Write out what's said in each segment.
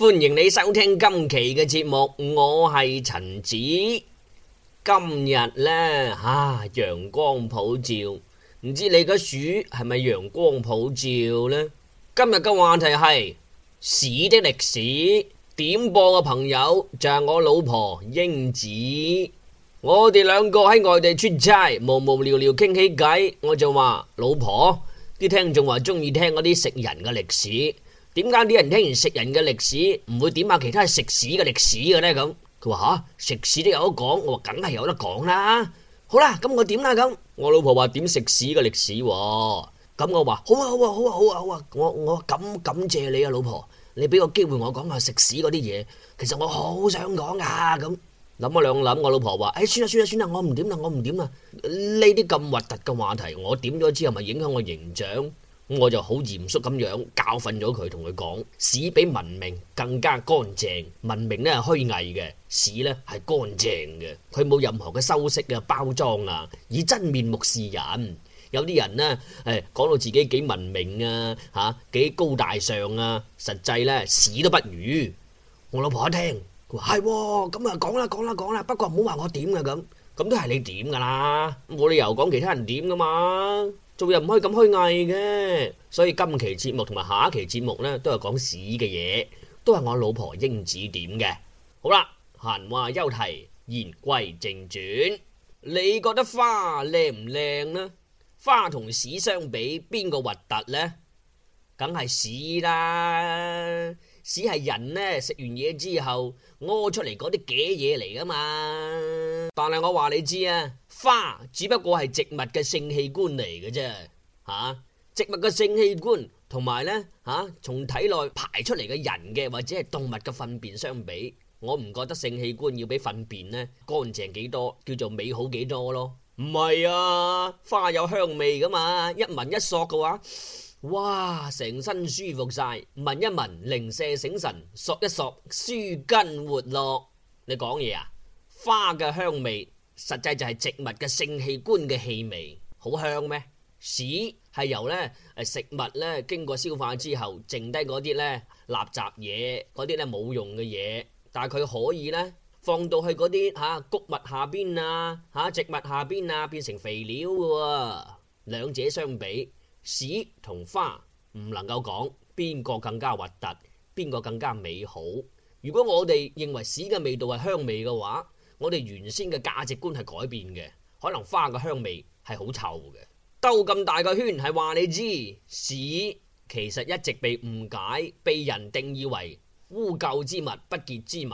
歡迎你收聽今期嘅節目，我係陳子。今日呢，啊，陽光普照，唔知你個鼠係咪陽光普照呢？今日嘅話題係屎的歷史。點播嘅朋友就係我老婆英子，我哋兩個喺外地出差，無無聊聊傾起偈，我就話老婆啲聽眾話中意聽嗰啲食人嘅歷史。點解啲人聽完食人嘅歷史唔會點下其他食屎嘅歷史嘅咧？咁佢話吓食屎都有得講，我話梗係有得講啦。好啦，咁我點啦咁。我老婆話點食屎嘅歷史喎，哦？咁，嗯、我話好啊好啊好啊好啊，好啊，好啊好啊！我我咁感謝你啊，老婆，你俾個機會我講下食屎嗰啲嘢。其實我好想講啊，咁諗一兩諗，我老婆話誒、哎，算啦算啦算啦，我唔點啦，我唔點啦！呢啲咁核突嘅話題，我點咗之後咪影響我形象。我就好嚴肅咁樣教訓咗佢，同佢講屎比文明更加乾淨，文明咧係虛偽嘅，屎咧係乾淨嘅，佢冇任何嘅修飾啊、包裝啊，以真面目示人。有啲人呢，誒、哎、講到自己幾文明啊嚇，幾、啊、高大上啊，實際呢，屎都不如。我老婆一聽，佢話係咁啊，講啦講啦講啦，不過唔好話我點啊咁，咁都係你點噶啦，冇理由講其他人點噶嘛。做人唔可以咁虛偽嘅，所以今期節目同埋下一期節目呢，都係講屎嘅嘢，都係我老婆櫻子點嘅。好啦，閒話休題，言歸正傳，你覺得花靚唔靚呢？花同屎相比，邊個核突呢？梗係屎啦，屎係人呢，食完嘢之後屙出嚟嗰啲嘅嘢嚟㗎嘛。但係我話你知啊，花只不過係植物嘅性器官嚟嘅啫，吓、啊、植物嘅性器官同埋呢，吓、啊、從體內排出嚟嘅人嘅或者係動物嘅糞便相比，我唔覺得性器官要比糞便呢乾淨幾多，叫做美好幾多咯。唔係啊，花有香味噶嘛，一聞一索嘅話，哇，成身舒服晒，聞一聞零舍醒神，索一索舒筋活絡。你講嘢啊？花嘅香味，實際就係植物嘅性器官嘅氣味，好香咩？屎係由咧誒食物咧經過消化之後剩低嗰啲咧垃圾嘢，嗰啲咧冇用嘅嘢，但係佢可以咧放到去嗰啲吓谷物下邊啊吓植物下邊啊變成肥料嘅喎、啊。兩者相比，屎同花唔能夠講邊個更加核突，邊個更加美好。如果我哋認為屎嘅味道係香味嘅話，我哋原先嘅價值觀係改變嘅，可能花嘅香味係好臭嘅。兜咁大個圈係話你知，屎其實一直被誤解，被人定義為污垢之物、不潔之物。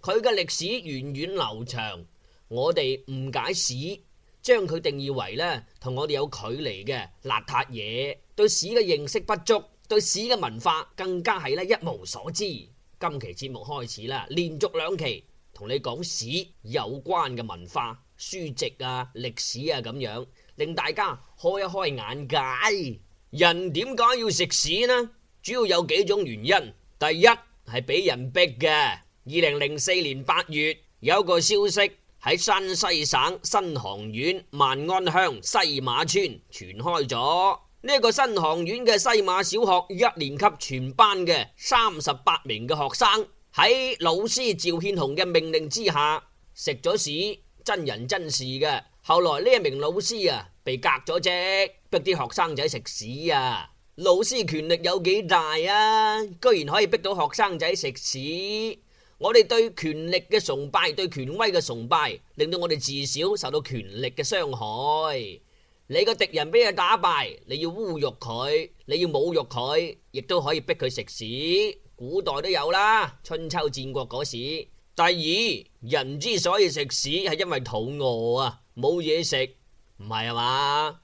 佢嘅歷史源遠流長，我哋誤解屎，將佢定義為呢同我哋有距離嘅邋遢嘢。對屎嘅認識不足，對屎嘅文化更加係呢一無所知。今期節目開始啦，連續兩期。同你講屎有關嘅文化書籍啊、歷史啊咁樣，令大家開一開眼界。人點解要食屎呢？主要有幾種原因。第一係俾人逼嘅。二零零四年八月，有一個消息喺山西省新絳縣萬安鄉西馬村傳開咗。呢個新絳縣嘅西馬小學一年級全班嘅三十八名嘅學生。喺老師趙憲紅嘅命令之下食咗屎，真人真事嘅。後來呢一名老師啊，被革咗職，逼啲學生仔食屎啊。老師權力有幾大啊？居然可以逼到學生仔食屎。我哋對權力嘅崇拜，對權威嘅崇拜，令到我哋至少受到權力嘅傷害。你個敵人俾佢打敗，你要侮辱佢，你要侮辱佢，亦都可以逼佢食屎。古代都有啦，春秋戰國嗰時。第二，人之所以食屎係因為肚餓啊，冇嘢食，唔係啊嘛？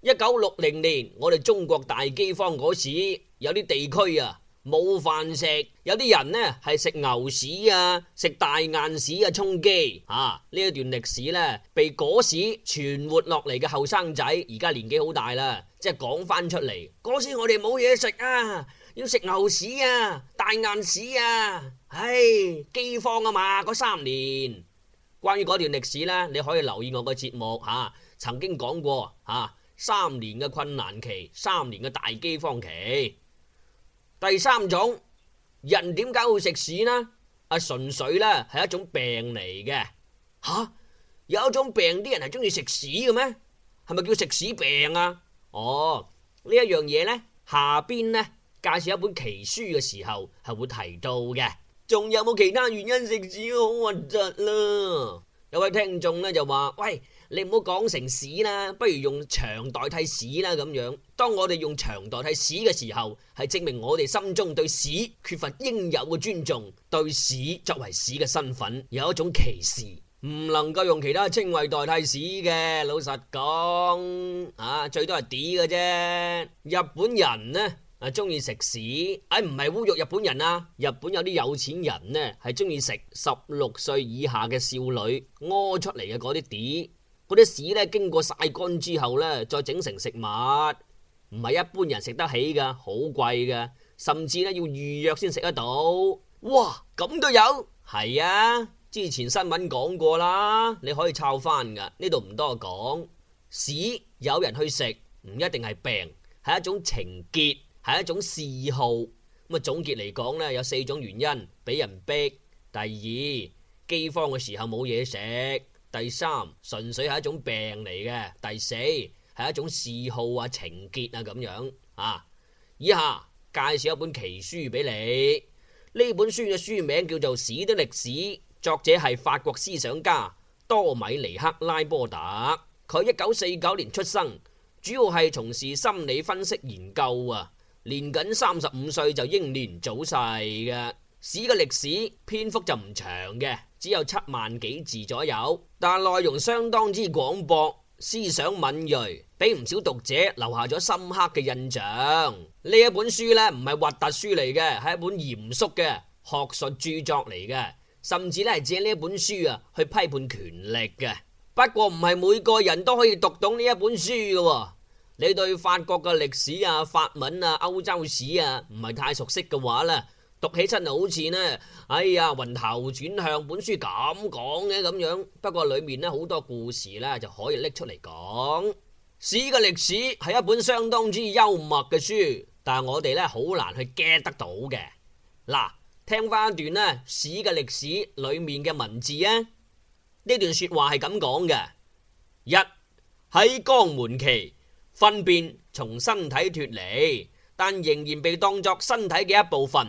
一九六零年，我哋中國大饑荒嗰時，有啲地區啊冇飯食，有啲人呢係食牛屎啊，食大雁屎啊充饑啊。呢一段歷史呢，被嗰時存活落嚟嘅後生仔，而家年紀好大啦，即係講翻出嚟，嗰時我哋冇嘢食啊。要食牛屎啊，大雁屎啊，唉，饑荒啊嘛。嗰三年，關於嗰段歷史呢，你可以留意我個節目吓，曾經講過吓，三年嘅困難期，三年嘅大饑荒期。第三種，人點解會食屎呢？啊，純粹呢，係一種病嚟嘅吓。有一種病，啲人係中意食屎嘅咩？係咪叫食屎病啊？哦，呢一樣嘢呢，下邊呢。介紹一本奇書嘅時候係會提到嘅。仲有冇其他原因？食屎好核突啦。有位聽眾咧就話：喂，你唔好講成屎啦，不如用長代替屎啦咁樣。當我哋用長代替屎嘅時候，係證明我哋心中對屎缺乏應有嘅尊重，對屎作為屎嘅身份有一種歧視，唔能夠用其他稱謂代替屎嘅。老實講，啊，最多係啲嘅啫。日本人呢。」啊！中意食屎，哎，唔係侮辱日本人啦。日本有啲有錢人咧，係中意食十六歲以下嘅少女屙出嚟嘅嗰啲屎，嗰啲屎咧經過曬乾之後咧，再整成食物，唔係一般人食得起㗎，好貴㗎，甚至咧要預約先食得到。哇，咁都有？係啊，之前新聞講過啦，你可以抄返㗎。呢度唔多講，屎有人去食唔一定係病，係一種情結。係一種嗜好咁啊。總結嚟講呢，有四種原因：第一，俾人逼；第二，饑荒嘅時候冇嘢食；第三，純粹係一種病嚟嘅；第四係一種嗜好啊、情結啊咁樣啊。以下介紹一本奇書俾你。呢本書嘅書名叫做《屎的歷史》，作者係法國思想家多米尼克拉波特。佢一九四九年出生，主要係從事心理分析研究啊。年僅三十五歲就英年早逝嘅，史嘅歷史篇幅就唔長嘅，只有七萬幾字左右，但係內容相當之廣博，思想敏銳，俾唔少讀者留下咗深刻嘅印象。呢一本書呢，唔係核突書嚟嘅，係一本嚴肅嘅學術著作嚟嘅，甚至咧係借呢一本書啊去批判權力嘅。不過唔係每個人都可以讀懂呢一本書嘅，哦。你對法國嘅歷史啊、法文啊、歐洲史啊，唔係太熟悉嘅話咧，讀起出就好似呢。哎呀，暈頭轉向，本書咁講嘅咁樣。不過裡面咧好多故事呢就可以拎出嚟講。屎嘅歷史係一本相當之幽默嘅書，但係我哋呢好難去 get 得到嘅嗱。聽翻一段呢，屎嘅歷史裡面嘅文字啊，呢段説話係咁講嘅：一喺江門期。糞便從身體脫離，但仍然被當作身體嘅一部分。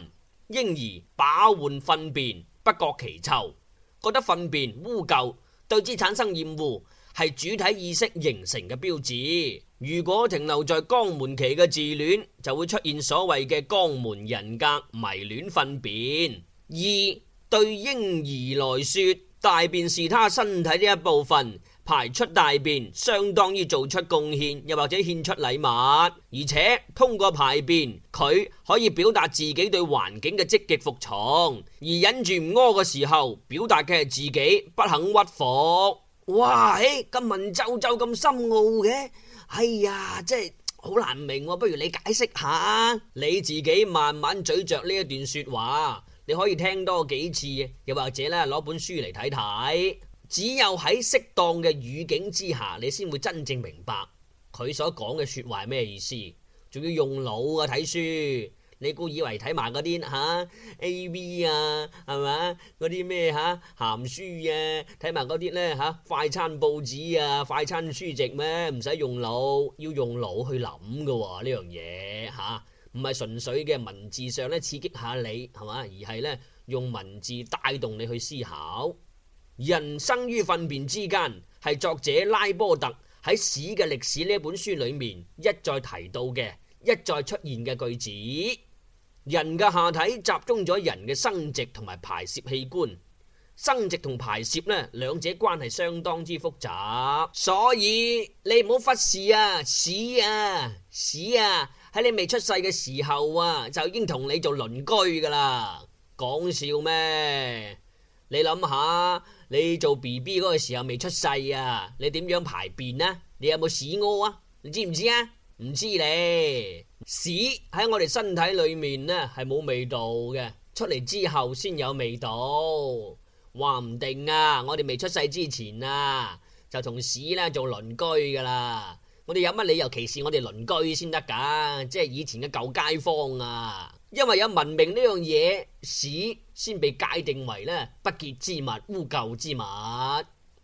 嬰兒把玩糞便，不覺其臭，覺得糞便污垢，對之產生厭惡，係主體意識形成嘅標誌。如果停留在肛門期嘅自戀，就會出現所謂嘅肛門人格迷戀糞便。二，對嬰兒來說，大便是他身體的一部分。排出大便相當於做出貢獻，又或者獻出禮物，而且通過排便佢可以表達自己對環境嘅積極服從，而忍住唔屙嘅時候，表達嘅係自己不肯屈服。哇！誒，文縐縐咁深奧嘅，哎呀，真係好難明喎、啊。不如你解釋下，你自己慢慢咀嚼呢一段説話，你可以聽多幾次，又或者咧攞本書嚟睇睇。只有喺適當嘅語境之下，你先會真正明白佢所講嘅説話係咩意思。仲要用腦啊，睇書，你估以為睇埋嗰啲嚇 A V 啊，係嘛嗰啲咩嚇鹹書啊，睇埋嗰啲咧嚇快餐報紙啊、快餐書籍咩？唔使用腦，要用腦去諗㗎喎呢樣嘢嚇，唔係純粹嘅文字上咧刺激下你係嘛，而係咧用文字帶動你去思考。人生於糞便之間，係作者拉波特喺《屎嘅歷史》呢本書裏面一再提到嘅，一再出現嘅句子。人嘅下體集中咗人嘅生殖同埋排泄器官，生殖同排泄呢，兩者關係相當之複雜，所以你唔好忽視啊！屎啊！屎啊！喺你未出世嘅時候啊，就已經同你做鄰居噶啦，講笑咩？你諗下。你做 B B 嗰個時候未出世啊，你點樣排便呢、啊？你有冇屎屙啊？你知唔知啊？唔知你！屎喺我哋身體裏面呢係冇味道嘅，出嚟之後先有味道。話唔定啊，我哋未出世之前啊，就同屎呢做鄰居噶啦。我哋有乜理由歧視我哋鄰居先得噶？即係以前嘅舊街坊啊，因為有文明呢樣嘢，屎。先被界定為咧，不潔之物，污垢之物，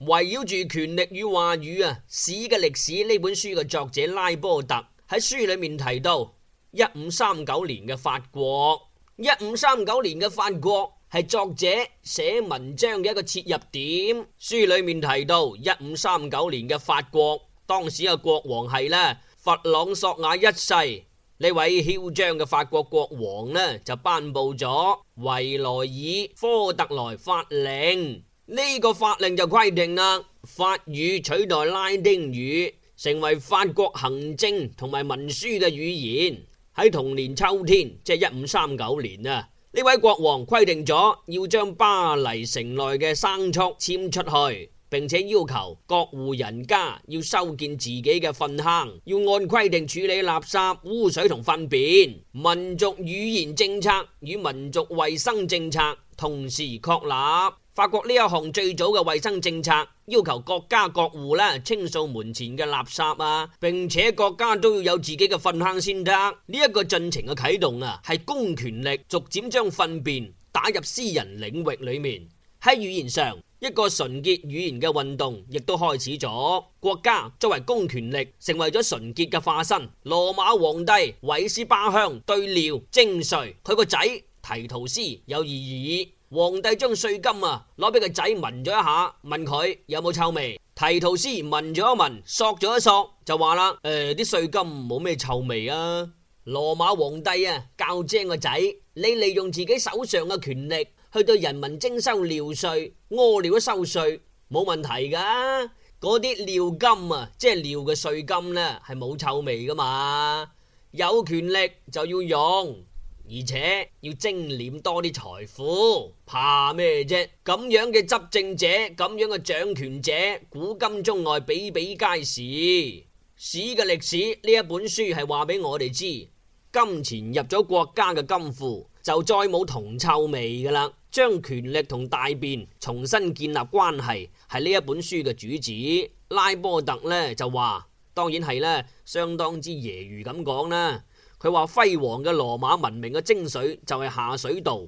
圍繞住權力與話語啊！屎嘅歷史呢本書嘅作者拉波特喺書裏面提到，一五三九年嘅法國，一五三九年嘅法國係作者寫文章嘅一個切入點。書裏面提到一五三九年嘅法國，當時嘅國王係咧弗朗索瓦一世。呢位囂張嘅法國國王呢就頒布咗維萊爾科特萊法令，呢個法令就規定啦，法語取代拉丁語成為法國行政同埋文書嘅語言。喺同年秋天，即係一五三九年啊，呢位國王規定咗要將巴黎城內嘅牲畜遷出去。並且要求各戶人家要修建自己嘅糞坑，要按規定處理垃圾、污水同糞便。民族語言政策與民族衛生政策同時確立，法國呢一項最早嘅衛生政策，要求各家各戶咧清掃門前嘅垃圾啊，並且各家都要有自己嘅糞坑先得。呢、這、一個進程嘅啟動啊，係公權力逐漸將糞便打入私人領域裏面。喺語言上，一個純潔語言嘅運動亦都開始咗。國家作為公權力，成為咗純潔嘅化身。羅馬皇帝韋斯巴香對尿徵稅，佢個仔提圖斯有異議。皇帝將稅金啊攞俾個仔聞咗一下，問佢有冇臭味。提圖斯聞咗一聞，索咗一索，就話啦：誒、呃，啲稅金冇咩臭味啊！羅馬皇帝啊，教精個仔，你利用自己手上嘅權力。去對人民徵收尿稅，屙尿都收稅，冇問題噶。嗰啲尿金啊，即係尿嘅稅金呢，係冇臭味噶嘛。有權力就要用，而且要精斂多啲財富，怕咩啫？咁樣嘅執政者，咁樣嘅掌權者，古今中外比比皆是。屎嘅歷史呢一本書係話俾我哋知，金錢入咗國家嘅金庫，就再冇銅臭味噶啦。將權力同大便重新建立關係，係呢一本書嘅主旨。拉波特呢就話，當然係呢，相當之揶揄咁講啦。佢話輝煌嘅羅馬文明嘅精髓就係下水道。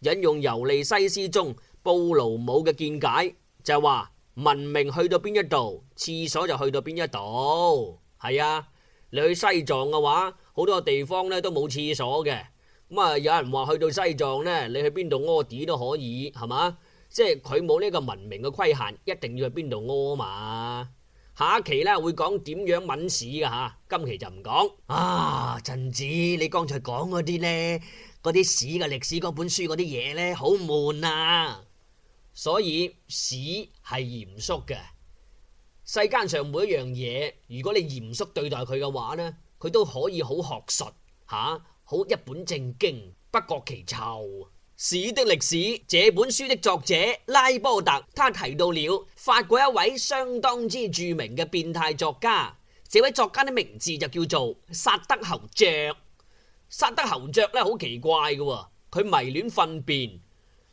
引用尤利西斯中布魯姆嘅見解，就係話文明去到邊一度，廁所就去到邊一度。係啊，你去西藏嘅話，好多地方呢都冇廁所嘅。咁啊、嗯！有人話去到西藏呢，你去邊度屙地都可以，係嘛？即係佢冇呢個文明嘅規限，一定要去邊度屙嘛？下一期呢，會講點樣聞屎嘅嚇，今期就唔講啊！振子，你剛才講嗰啲呢，嗰啲屎嘅歷史嗰本書嗰啲嘢呢，好悶啊！所以屎係嚴肅嘅，世間上每一樣嘢，如果你嚴肅對待佢嘅話呢，佢都可以好學術嚇。啊。好一本正經，不覺其臭。屎的歷史這本書的作者拉波特，他提到了法國一位相當之著名嘅變態作家。這位作家的名字就叫做薩德侯爵。薩德侯爵咧好奇怪嘅，佢迷戀糞便。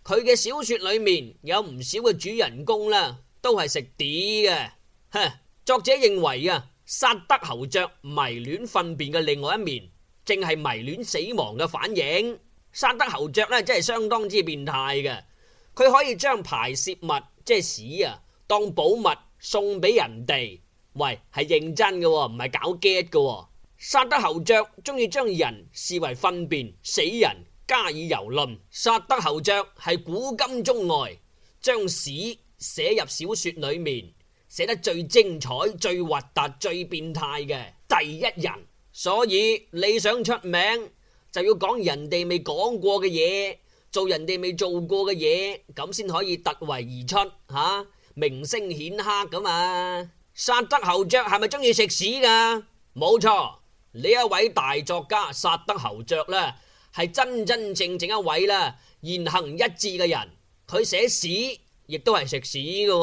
佢嘅小說裏面有唔少嘅主人公啦，都係食屎嘅。作者認為啊，薩德侯爵迷戀糞便嘅另外一面。正係迷戀死亡嘅反應。薩德侯爵呢真係相當之變態嘅。佢可以將排泄物即係屎啊，當寶物送俾人哋。喂，係認真嘅、哦，唔係搞 get 嘅、哦。薩德侯爵中意將人視為糞便，死人加以蹂躪。薩德侯爵係古今中外將屎寫入小説裡面寫得最精彩、最核突、最變態嘅第一人。所以你想出名就要講人哋未講過嘅嘢，做人哋未做過嘅嘢，咁先可以突圍而出吓，名聲顯赫噶嘛。薩德侯爵係咪中意食屎噶？冇錯，呢一位大作家薩德侯爵啦，係真真正正一位啦言行一致嘅人。佢寫屎亦都係食屎噶，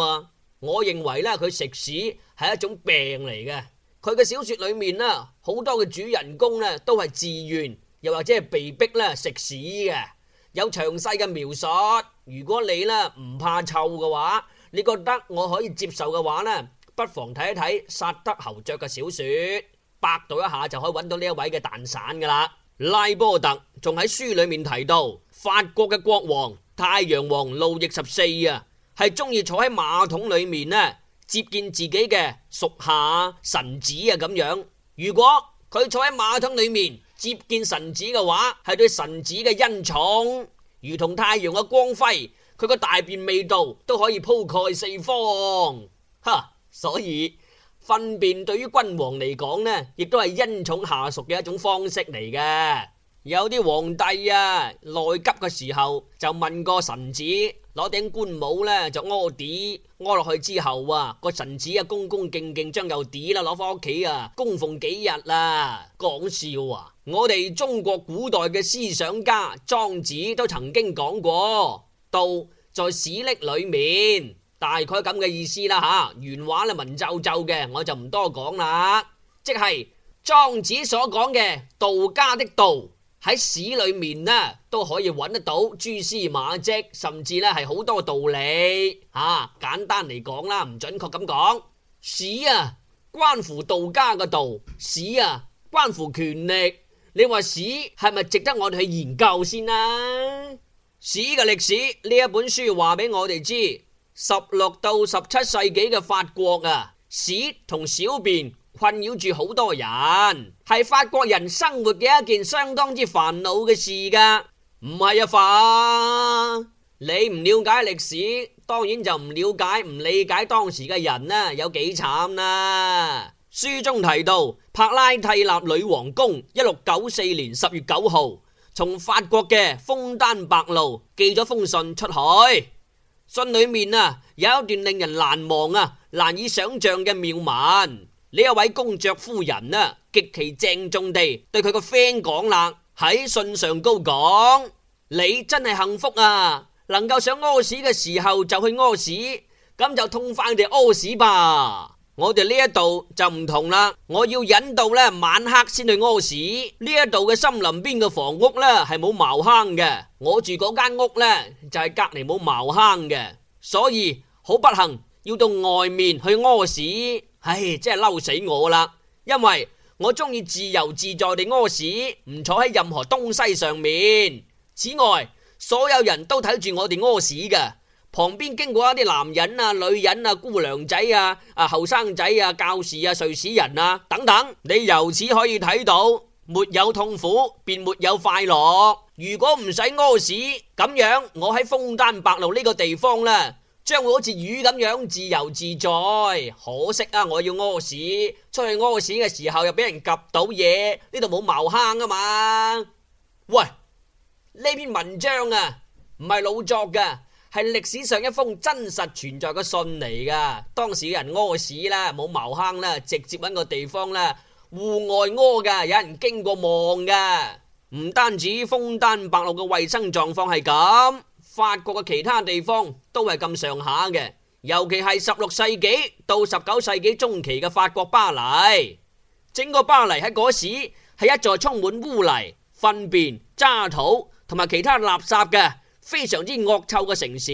我認為呢，佢食屎係一種病嚟嘅。佢嘅小說裏面啦，好多嘅主人公咧都係自願，又或者係被逼咧食屎嘅，有詳細嘅描述。如果你啦唔怕臭嘅話，你覺得我可以接受嘅話咧，不妨睇一睇《薩德侯爵》嘅小說，百度一下就可以揾到呢一位嘅蛋散噶啦。拉波特仲喺書裏面提到，法國嘅國王太陽王路易十四啊，係中意坐喺馬桶裏面咧。接見自己嘅屬下、神子啊，咁樣。如果佢坐喺馬桶裏面接見神子嘅話，係對神子嘅恩寵，如同太陽嘅光輝。佢個大便味道都可以鋪蓋四方，吓。所以糞便對於君王嚟講呢，亦都係恩寵下屬嘅一種方式嚟嘅。有啲皇帝啊，內急嘅時候就問個臣子攞頂官帽呢，就屙低屙落去之後啊，個臣子啊，恭恭敬敬將嗰啲啦攞翻屋企啊，供奉幾日啦、啊。講笑啊，我哋中國古代嘅思想家莊子都曾經講過道在屎溺裏面，大概咁嘅意思啦、啊、吓、啊。原話咧文縐縐嘅，我就唔多講啦、啊，即係莊子所講嘅道家的道。喺屎裏面啦，都可以揾得到蛛絲馬跡，甚至咧係好多道理。吓、啊，簡單嚟講啦，唔準確咁講，屎啊，關乎道家嘅道；屎啊，關乎權力。你話屎係咪值得我哋去研究先啊？屎嘅歷史呢一本書話俾我哋知，十六到十七世紀嘅法國啊，屎同小便。困擾住好多人，係法國人生活嘅一件相當之煩惱嘅事噶，唔係啊，法，你唔了解歷史，當然就唔了解唔理解當時嘅人呢，有幾慘啦啊。書中提到，帕拉替納女皇宮，一六九四年十月九號，從法國嘅楓丹白露寄咗封信出去，信裏面啊有一段令人難忘啊難以想象嘅妙文。呢一位公爵夫人呢、啊，極其鄭重地對佢個 friend 講啦，喺信上高講：你真係幸福啊，能夠想屙屎嘅時候就去屙屎，咁就痛快地屙屎吧。我哋呢一度就唔同啦，我要忍到呢晚黑先去屙屎。呢一度嘅森林邊嘅房屋呢，係冇茅坑嘅，我住嗰間屋呢，就係隔籬冇茅坑嘅，所以好不幸要到外面去屙屎。唉，真係嬲死我啦！因為我中意自由自在地屙屎，唔坐喺任何東西上面。此外，所有人都睇住我哋屙屎嘅，旁邊經過一啲男人啊、女人啊、姑娘仔啊、啊後生仔啊、教士啊、瑞士人啊等等。你由此可以睇到，沒有痛苦便沒有快樂。如果唔使屙屎，咁樣我喺楓丹白露呢個地方啦。將會好似魚咁樣自由自在。可惜啊，我要屙屎，出去屙屎嘅時候又俾人夾到嘢，呢度冇茅坑啊嘛？喂，呢篇文章啊，唔係老作噶，係歷史上一封真實存在嘅信嚟噶。當時嘅人屙屎啦，冇茅坑啦，直接揾個地方啦，戶外屙噶，有人經過望噶。唔單止楓丹白露嘅衛生狀況係咁，法國嘅其他地方，都係咁上下嘅，尤其係十六世紀到十九世紀中期嘅法國巴黎，整個巴黎喺嗰時係一座充滿污泥、糞便、渣土同埋其他垃圾嘅非常之惡臭嘅城市，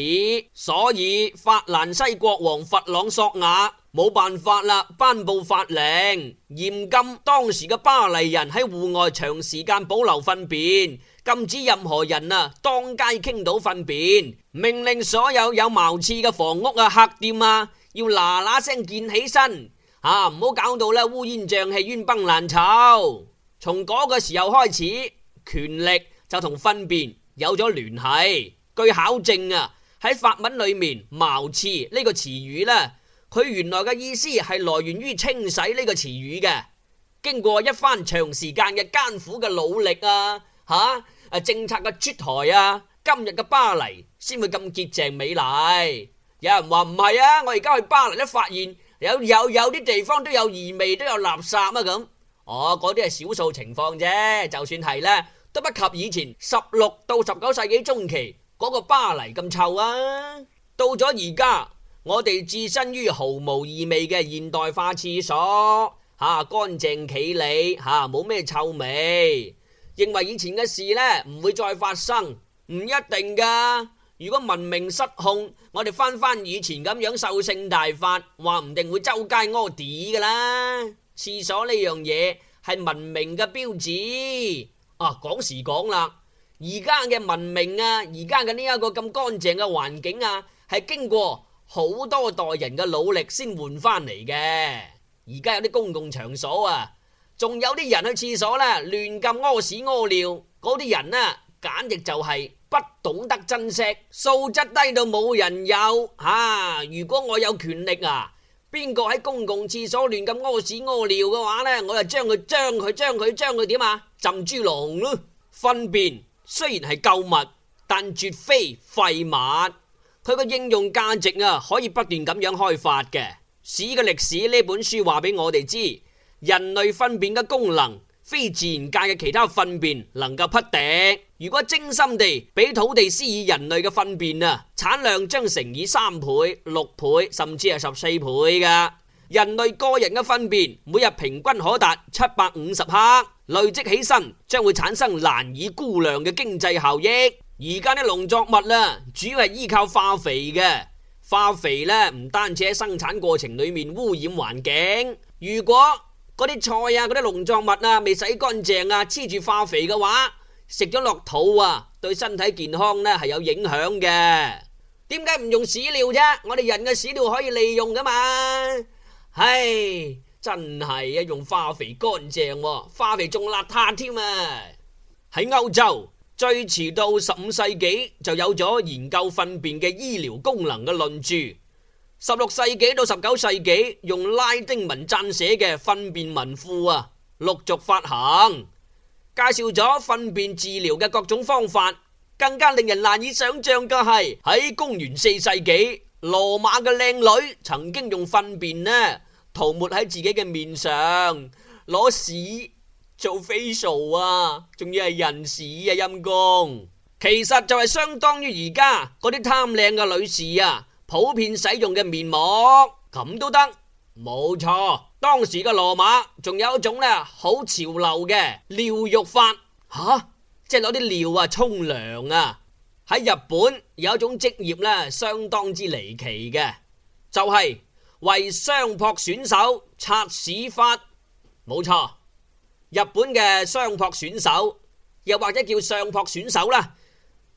所以法蘭西國王弗朗索瓦冇辦法啦，頒布法令，嚴禁當時嘅巴黎人喺戶外長時間保留糞便。禁止任何人啊，當街傾倒糞便，命令所有有茅廁嘅房屋啊、客店啊，要嗱嗱聲建起身，吓唔好搞到咧烏煙瘴氣、冤崩爛臭。從嗰個時候開始，權力就同糞便有咗聯繫。據考證啊，喺法文裏面，茅廁呢個詞語呢，佢原來嘅意思係來源於清洗呢個詞語嘅。經過一番長時間嘅艱苦嘅努力啊。吓！啊，政策嘅出台啊，今日嘅巴黎先會咁潔淨美麗。有人話唔係啊，我而家去巴黎都發現有有有啲地方都有異味，都有垃圾啊咁。哦，嗰啲係少數情況啫，就算係呢，都不及以前十六到十九世紀中期嗰個巴黎咁臭啊。到咗而家，我哋置身於毫無異味嘅現代化廁所，吓乾淨企理，吓冇咩臭味。認為以前嘅事呢，唔會再發生，唔一定噶。如果文明失控，我哋翻翻以前咁樣獸性大發，話唔定會周街屙屎噶啦。廁所呢樣嘢係文明嘅標誌啊！講時講啦，而家嘅文明啊，而家嘅呢一個咁乾淨嘅環境啊，係經過好多代人嘅努力先換翻嚟嘅。而家有啲公共場所啊。仲有啲人去廁所啦，亂咁屙屎屙尿，嗰啲人呢，簡直就係不懂得珍惜，素質低到冇人有。吓、啊，如果我有權力啊，邊個喺公共廁所亂咁屙屎屙尿嘅話呢，我就將佢將佢將佢將佢點啊？浸豬籠咯！糞便雖然係舊物，但絕非廢物，佢個應用價值啊，可以不斷咁樣開發嘅。屎嘅歷史呢本書話俾我哋知。人類糞便嘅功能，非自然界嘅其他糞便能夠匹敵。如果精心地俾土地施以人類嘅糞便啊，產量將乘以三倍、六倍，甚至係十四倍噶。人類個人嘅糞便每日平均可達七百五十克，累積起身將會產生難以估量嘅經濟效益。而家啲農作物啦，主要係依靠化肥嘅。化肥咧，唔單止喺生產過程裏面污染環境，如果嗰啲菜啊，嗰啲農作物啊，未洗乾淨啊，黐住化肥嘅話，食咗落肚啊，對身體健康呢係有影響嘅。點解唔用屎尿啫？我哋人嘅屎尿可以利用噶嘛？唉，真係啊，用化肥乾淨喎，啊，化肥仲邋遢添啊！喺歐洲最遲到十五世紀就有咗研究糞便嘅醫療功能嘅論著。十六世紀到十九世紀，用拉丁文撰寫嘅糞便文庫啊，陸續發行，介紹咗糞便治療嘅各種方法。更加令人難以想象嘅係喺公元四世紀，羅馬嘅靚女曾經用糞便呢塗抹喺自己嘅面上，攞屎做 facial 啊，仲要係人屎啊陰功，其實就係相當於而家嗰啲貪靚嘅女士啊。普遍使用嘅面膜，咁都得，冇錯。當時嘅羅馬仲有一種咧，好潮流嘅尿浴法，吓，即係攞啲尿啊，沖涼啊。喺、啊、日本有一種職業呢，相當之離奇嘅，就係、是、為相撲選手擦屎忽，冇錯。日本嘅相撲選手又或者叫相撲選手啦，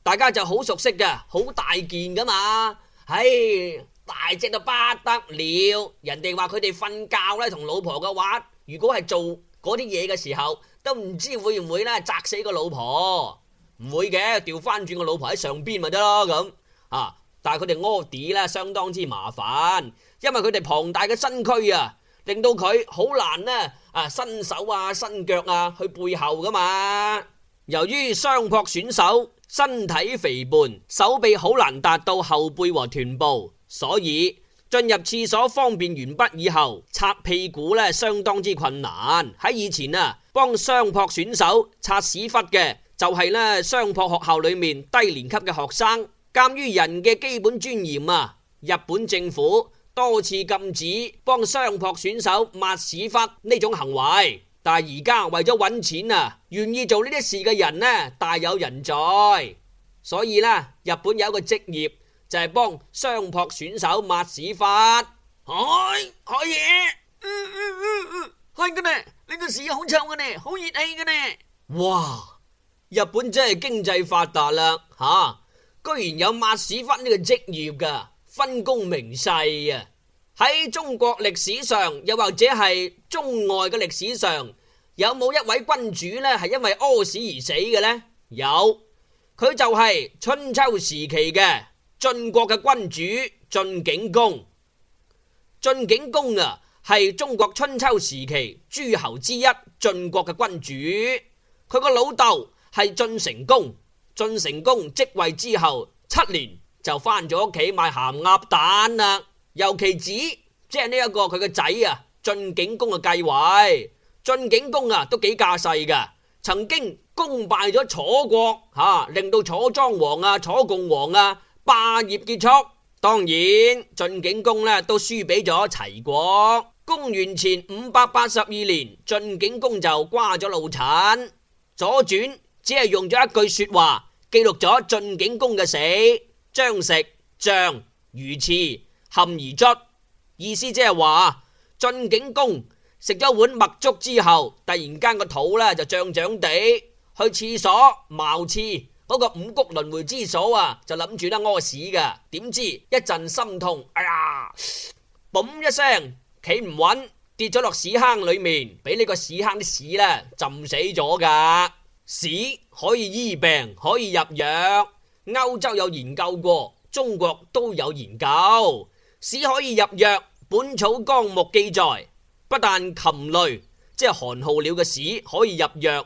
大家就好熟悉嘅，好大件噶嘛。唉、哎，大隻到不得了，人哋話佢哋瞓覺呢，同老婆嘅話，如果係做嗰啲嘢嘅時候，都唔知會唔會呢？砸死個老婆，唔會嘅，調翻轉個老婆喺上邊咪得咯咁啊！但係佢哋屙地呢，相當之麻煩，因為佢哋龐大嘅身軀啊，令到佢好難呢，啊伸手啊伸腳啊去背後噶嘛。由於雙撲選手。身體肥胖，手臂好難達到後背和臀部，所以進入廁所方便完畢以後，擦屁股呢，相當之困難。喺以前啊，幫相撲選手擦屎忽嘅就係呢，相撲學校裏面低年級嘅學生。鑒於人嘅基本尊嚴啊，日本政府多次禁止幫相撲選手抹屎忽呢種行為。但係而家為咗揾錢啊，願意做呢啲事嘅人呢，大有人在。所以呢，日本有一個職業就係幫相撲選手抹屎忽。係可以，嗯嗯係嘅呢，呢個屎好臭嘅呢，好熱氣嘅呢。哇！日本真係經濟發達啦，吓、啊，居然有抹屎忽呢個職業噶，分工明細啊！喺中國歷史上，又或者係中外嘅歷史上，有冇一位君主呢？係因為屙屎而死嘅呢？有，佢就係春秋時期嘅晉國嘅君主晉景公。晉景公啊，係中國春秋時期諸侯之一晉國嘅君主。佢個老豆係晉成公。晉成公即位之後七年就翻咗屋企賣鹹鴨蛋啦。尤其指，即係呢一個佢個仔啊，晉景公嘅繼位。晉景公啊都幾架勢噶，曾經攻敗咗楚國，吓、啊、令到楚莊王啊、楚共王啊霸業結束。當然晉景公呢、啊，都輸俾咗齊國。公元前五百八十二年，晉景公就瓜咗老襯，左傳只係用咗一句說話記錄咗晉景公嘅死：張食，張，如廁。含而卒，意思即係話進警公食咗碗麥粥之後，突然間個肚呢就脹脹地，去廁所茅廁嗰、那個五穀輪迴之所啊，就諗住得屙屎噶，點知一陣心痛，哎呀，嘣一聲企唔穩，跌咗落屎坑裏面，俾呢個屎坑啲屎呢浸死咗噶。屎可以醫病，可以入藥，歐洲有研究過，中國都有研究。屎可以入藥，《本草綱目》記載，不但禽類，即係寒號鳥嘅屎可以入藥，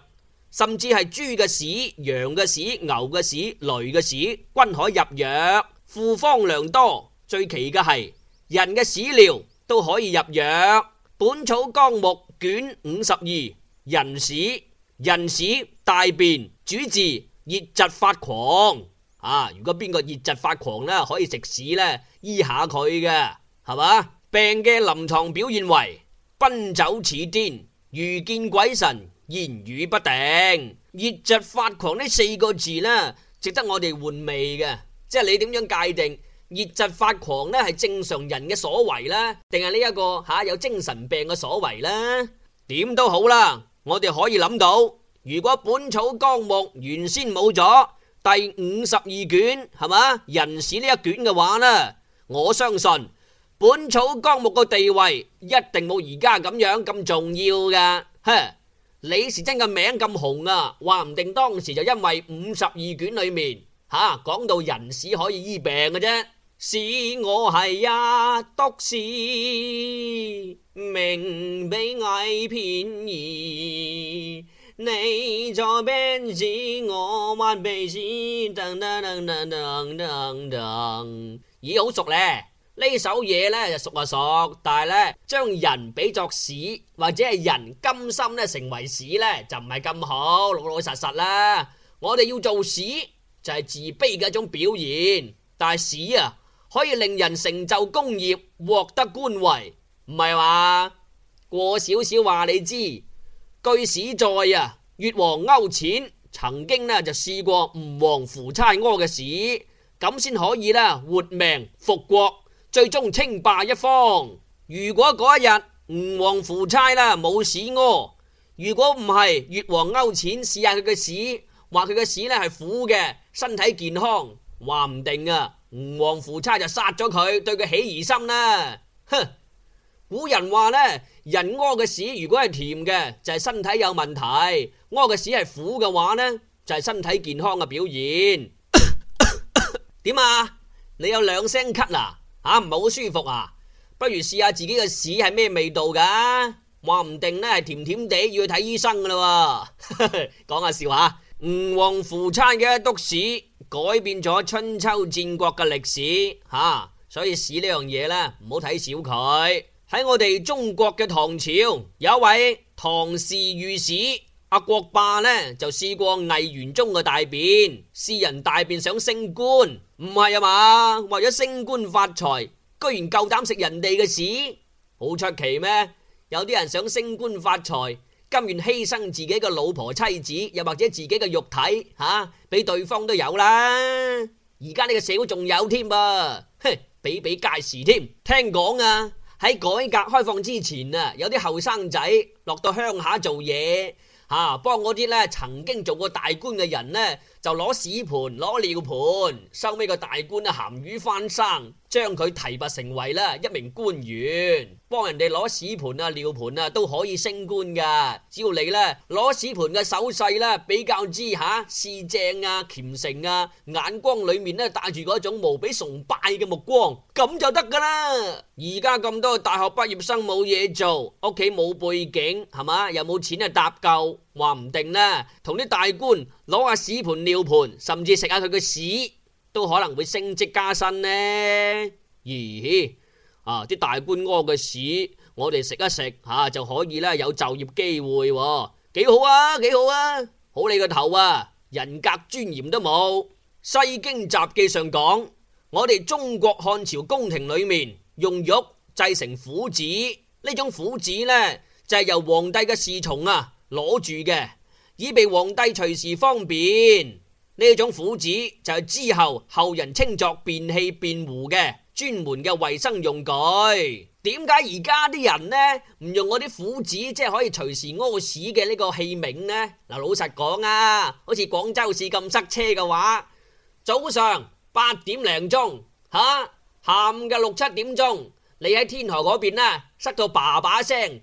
甚至係豬嘅屎、羊嘅屎、牛嘅屎、驢嘅屎，均可以入藥，附方良多。最奇嘅係人嘅屎尿都可以入藥，《本草綱目》卷五十二，人屎、人屎大便主治熱疾發狂。啊，如果邊個熱疾發狂呢，可以食屎呢？醫下佢嘅係嘛病嘅臨床表現為奔走似癲，遇見鬼神，言語不定，熱疾發狂呢四個字呢，值得我哋回味嘅。即係你點樣界定熱疾發狂呢？係正常人嘅所為呢？定係呢一個吓、啊、有精神病嘅所為呢？點都好啦，我哋可以諗到，如果《本草綱目》原先冇咗第五十二卷係嘛人事呢一卷嘅話呢？我相信本草綱目嘅地位一定冇而家咁樣咁重要噶。哼，李時珍嘅名咁紅啊，話唔定當時就因為五十二卷裏面吓講、啊、到人屎可以醫病嘅啫。屎我係呀、啊，篤屎命比蟻便宜，你坐邊隻我玩邊隻，噔噔噔噔噔噔，噔，噔，噔。咦，好熟咧！首呢首嘢呢就熟啊熟，但係呢，將人比作屎，或者係人甘心咧成為屎呢，就唔係咁好，老老實實啦。我哋要做屎就係、是、自卑嘅一種表現，但係屎啊可以令人成就工業，獲得官位，唔係話過少少話你知？據史載啊，越王勾踐曾經呢就試過吳王夫差屙嘅屎。咁先可以啦，活命復國，最終稱霸一方。如果嗰一日吳王夫差啦冇屎屙，如果唔係越王勾踐試下佢嘅屎，話佢嘅屎呢係苦嘅，身體健康，話唔定啊，吳王夫差就殺咗佢，對佢起疑心啦。哼，古人話呢，人屙嘅屎如果係甜嘅，就係身體有問題；屙嘅屎係苦嘅話呢，就係身體健康嘅表現。點啊！你有兩聲咳啦，吓唔係好舒服啊？不如試下自己嘅屎係咩味道噶、啊？話唔定呢係甜甜地要去睇醫生噶啦、啊！講下笑說說話，吳王夫差嘅一督屎改變咗春秋戰國嘅歷史，吓、啊、所以屎呢樣嘢呢，唔好睇小佢。喺我哋中國嘅唐朝，有一位唐侍御史。阿、啊、國霸呢，就試過魏元忠嘅大便。私人大便想升官，唔係啊嘛？為咗升官發財，居然夠膽食人哋嘅屎，好出奇咩？有啲人想升官發財，甘願犧牲自己嘅老婆、妻子，又或者自己嘅肉體吓，俾、啊、對方都有啦。而家呢個社會仲有添噃，哼，比比皆是添。聽講啊，喺改革開放之前啊，有啲後生仔落到鄉下做嘢。嚇、啊！幫嗰啲咧曾經做過大官嘅人咧。就攞屎盤攞尿盤，收尾個大官啊鹹魚翻生，將佢提拔成為啦一名官員，幫人哋攞屎盤啊尿盤啊都可以升官噶，只要你咧攞屎盤嘅手勢咧比較之下視正啊虔誠啊，眼光裏面咧帶住嗰種無比崇拜嘅目光，咁就得噶啦。而家咁多大學畢業生冇嘢做，屋企冇背景係嘛，又冇錢啊搭救。話唔定呢，同啲大官攞下屎盆尿盆，甚至食下佢個屎，都可能會升職加薪呢。咦？啊，啲大官屙嘅屎，我哋食一食吓、啊、就可以咧，有就業機會、哦，幾好啊，幾好啊！好你個頭啊！人格尊嚴都冇。《西京雜記》上講，我哋中國漢朝宮廷裏面用玉製成虎子，呢種虎子呢，就係、是、由皇帝嘅侍從啊。攞住嘅，以備皇帝隨時方便。呢種虎子就係之後後人稱作便器便壺嘅專門嘅衛生用具。點解而家啲人呢唔用我啲虎子，即係可以隨時屙屎嘅呢個器皿呢？嗱，老實講啊，好似廣州市咁塞車嘅話，早上八點零鐘吓，下午嘅六七點鐘，你喺天河嗰邊呢塞到叭叭聲。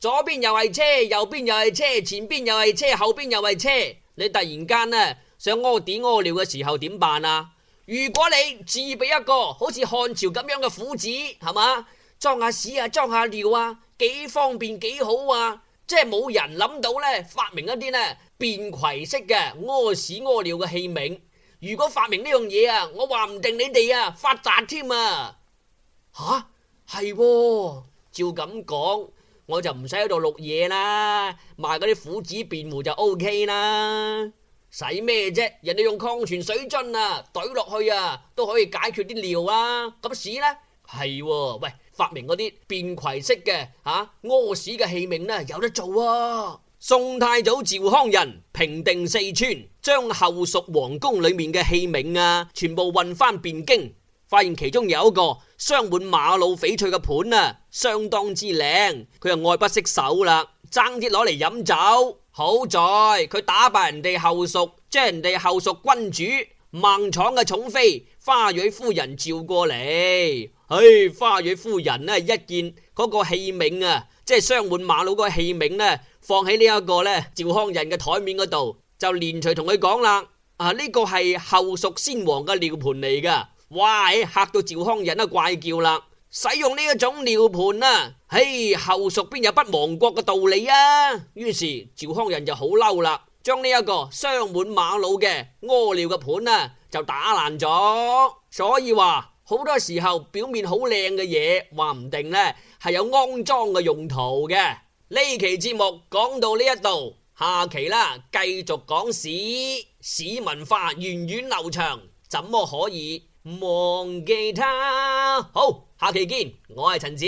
左邊又係車，右邊又係車，前邊又係車，後邊又係車。你突然間呢，想屙屎屙尿嘅時候點辦啊？如果你自備一個好似漢朝咁樣嘅虎子，係嘛，裝下屎啊，裝下尿啊，幾方便幾好啊！即係冇人諗到呢，發明一啲呢，便攜式嘅屙屎屙尿嘅器皿。如果發明呢樣嘢啊，我話唔定你哋啊發達添啊吓？係哦，照咁講。我就唔使喺度錄嘢啦，賣嗰啲虎子便壺就 OK 啦，使咩啫？人哋用礦泉水樽啊，懟落去啊，都可以解決啲尿啦。咁屎咧，係、啊，喂，發明嗰啲便攜式嘅吓屙屎嘅器皿呢，有得做啊！宋太祖趙匡胤平定四川，將後蜀皇宮裏面嘅器皿啊，全部運翻汴京。發現其中有一個鑲滿瑪瑙翡翠嘅盤啊，相當之靚，佢又愛不釋手啦，爭啲攞嚟飲酒。好在佢打敗人哋後蜀，將人哋後蜀君主孟昶嘅寵妃花蕊夫人召過嚟。唉、哎，花蕊夫人呢、啊、一見嗰個器皿啊，即係鑲滿瑪瑙嗰個器皿呢，放喺呢一個呢趙匡胤嘅台面嗰度，就連隨同佢講啦，啊呢、這個係後蜀先王嘅尿盤嚟噶。哇！嚇到趙匡胤啊，怪叫啦！使用呢一種尿盤啊，嘿，後蜀邊有不亡國嘅道理啊？於是趙匡胤就好嬲啦，將呢一個鑲滿瑪瑙嘅屙尿嘅盤啊就打爛咗。所以話好多時候表面好靚嘅嘢，話唔定呢係有骯髒嘅用途嘅。呢期節目講到呢一度，下期啦，繼續講屎，屎文化源遠流長，怎麼可以？忘記他，好，下期見，我係陳子。